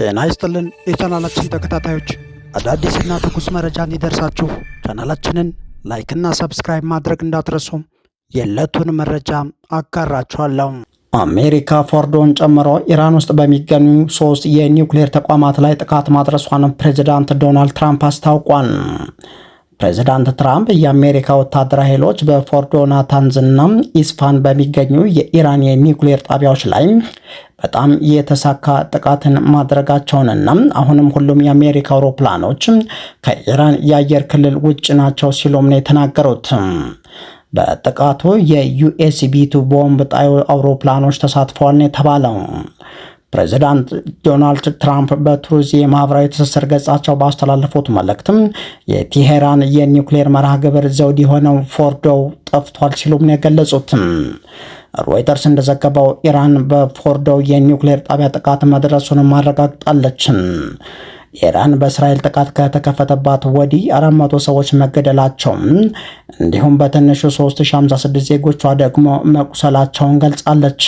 ጤና ይስጥልን የቻናላችን ተከታታዮች፣ አዳዲስና ትኩስ መረጃ እንዲደርሳችሁ ቻናላችንን ላይክና ሰብስክራይብ ማድረግ እንዳትረሱም። የዕለቱን መረጃ አጋራችኋለሁ። አሜሪካ ፎርዶን ጨምሮ ኢራን ውስጥ በሚገኙ ሶስት የኒውክሌር ተቋማት ላይ ጥቃት ማድረሷን ፕሬዚዳንት ዶናልድ ትራምፕ አስታውቋል። ፕሬዚዳንት ትራምፕ የአሜሪካ ወታደራዊ ኃይሎች በፎርዶ ናታንዝና ኢስፋን በሚገኙ የኢራን የኒውክሌር ጣቢያዎች ላይ በጣም የተሳካ ጥቃትን ማድረጋቸውንና አሁንም ሁሉም የአሜሪካ አውሮፕላኖች ከኢራን የአየር ክልል ውጭ ናቸው ሲሉም ነው የተናገሩት። በጥቃቱ የዩኤስቢቱ ቦምብ ጣዩ አውሮፕላኖች ተሳትፈዋል ነው የተባለው። ፕሬዚዳንት ዶናልድ ትራምፕ በቱርዝ የማህበራዊ ትስስር ገጻቸው ባስተላለፉት መልእክትም የቴሄራን የኒውክሌር መርሃ ግብር ዘውድ የሆነው ፎርዶው ጠፍቷል ሲሉም ነው የገለጹትም። ሮይተርስ እንደዘገበው ኢራን በፎርዶው የኒውክሌር ጣቢያ ጥቃት መድረሱንም አረጋግጣለችም። ኢራን በእስራኤል ጥቃት ከተከፈተባት ወዲህ 400 ሰዎች መገደላቸውን እንዲሁም በትንሹ 3056 ዜጎቿ ደግሞ መቁሰላቸውን ገልጻለች።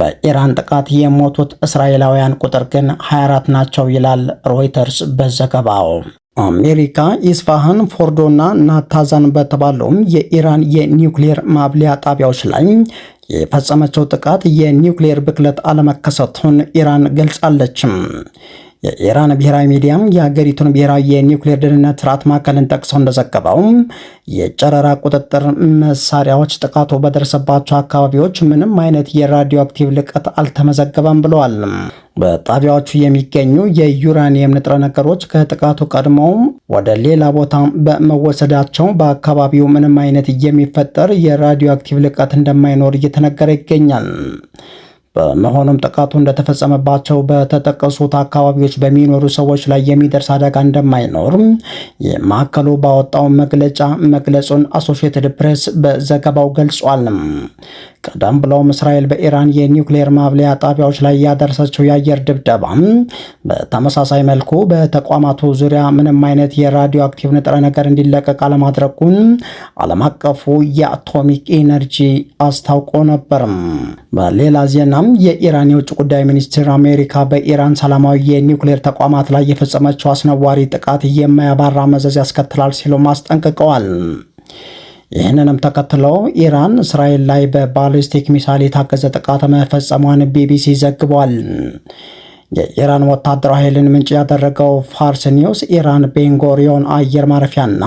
በኢራን ጥቃት የሞቱት እስራኤላውያን ቁጥር ግን 24 ናቸው ይላል ሮይተርስ በዘገባው። አሜሪካ ኢስፋሃን፣ ፎርዶና ናታዛን በተባለውም የኢራን የኒውክሌር ማብሊያ ጣቢያዎች ላይ የፈጸመችው ጥቃት የኒውክሌር ብክለት አለመከሰቱን ኢራን ገልጻለችም። የኢራን ብሔራዊ ሚዲያም የሀገሪቱን ብሔራዊ የኒውክሌር ደህንነት ስርዓት ማዕከልን ጠቅሰው እንደዘገበውም የጨረራ ቁጥጥር መሳሪያዎች ጥቃቱ በደረሰባቸው አካባቢዎች ምንም አይነት የራዲዮ አክቲቭ ልቀት አልተመዘገበም ብለዋል። በጣቢያዎቹ የሚገኙ የዩራኒየም ንጥረ ነገሮች ከጥቃቱ ቀድመውም ወደ ሌላ ቦታ በመወሰዳቸው በአካባቢው ምንም አይነት የሚፈጠር የራዲዮ አክቲቭ ልቀት እንደማይኖር እየተነገረ ይገኛል። በመሆኑም ጥቃቱ እንደተፈጸመባቸው በተጠቀሱት አካባቢዎች በሚኖሩ ሰዎች ላይ የሚደርስ አደጋ እንደማይኖር ማዕከሉ ባወጣው መግለጫ መግለጹን አሶሽትድ ፕሬስ በዘገባው ገልጿል። ቀደም ብለውም እስራኤል በኢራን የኒውክሌር ማብለያ ጣቢያዎች ላይ ያደረሰችው የአየር ድብደባ በተመሳሳይ መልኩ በተቋማቱ ዙሪያ ምንም አይነት የራዲዮ አክቲቭ ንጥረ ነገር እንዲለቀቅ አለማድረጉን ዓለም አቀፉ የአቶሚክ ኢነርጂ አስታውቆ ነበርም። በሌላ ዜናም የኢራን የውጭ ጉዳይ ሚኒስትር አሜሪካ በኢራን ሰላማዊ የኒውክሌር ተቋማት ላይ የፈጸመችው አስነዋሪ ጥቃት የማያባራ መዘዝ ያስከትላል ሲሉም አስጠንቅቀዋል። ይህንንም ተከትሎ ኢራን እስራኤል ላይ በባሊስቲክ ሚሳይል የታገዘ ጥቃት መፈጸሟን ቢቢሲ ዘግቧል። የኢራን ወታደራዊ ኃይልን ምንጭ ያደረገው ፋርስ ኒውስ ኢራን ቤንጎሪዮን አየር ማረፊያና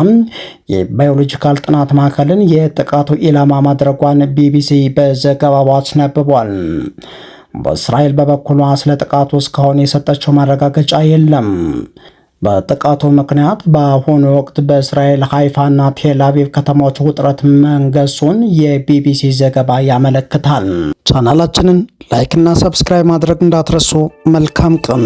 የባዮሎጂካል ጥናት ማዕከልን የጥቃቱ ኢላማ ማድረጓን ቢቢሲ በዘገባው አስነብቧል። በእስራኤል በበኩሏ ስለ ጥቃቱ እስካሁን የሰጠችው ማረጋገጫ የለም። በጥቃቱ ምክንያት በአሁኑ ወቅት በእስራኤል ና ቴላቪቭ ከተሞች ውጥረት መንገሱን የቢቢሲ ዘገባ ያመለክታል። ቻናላችንን ላይክና ሰብስክራይብ ማድረግ እንዳትረሱ። መልካም ቀን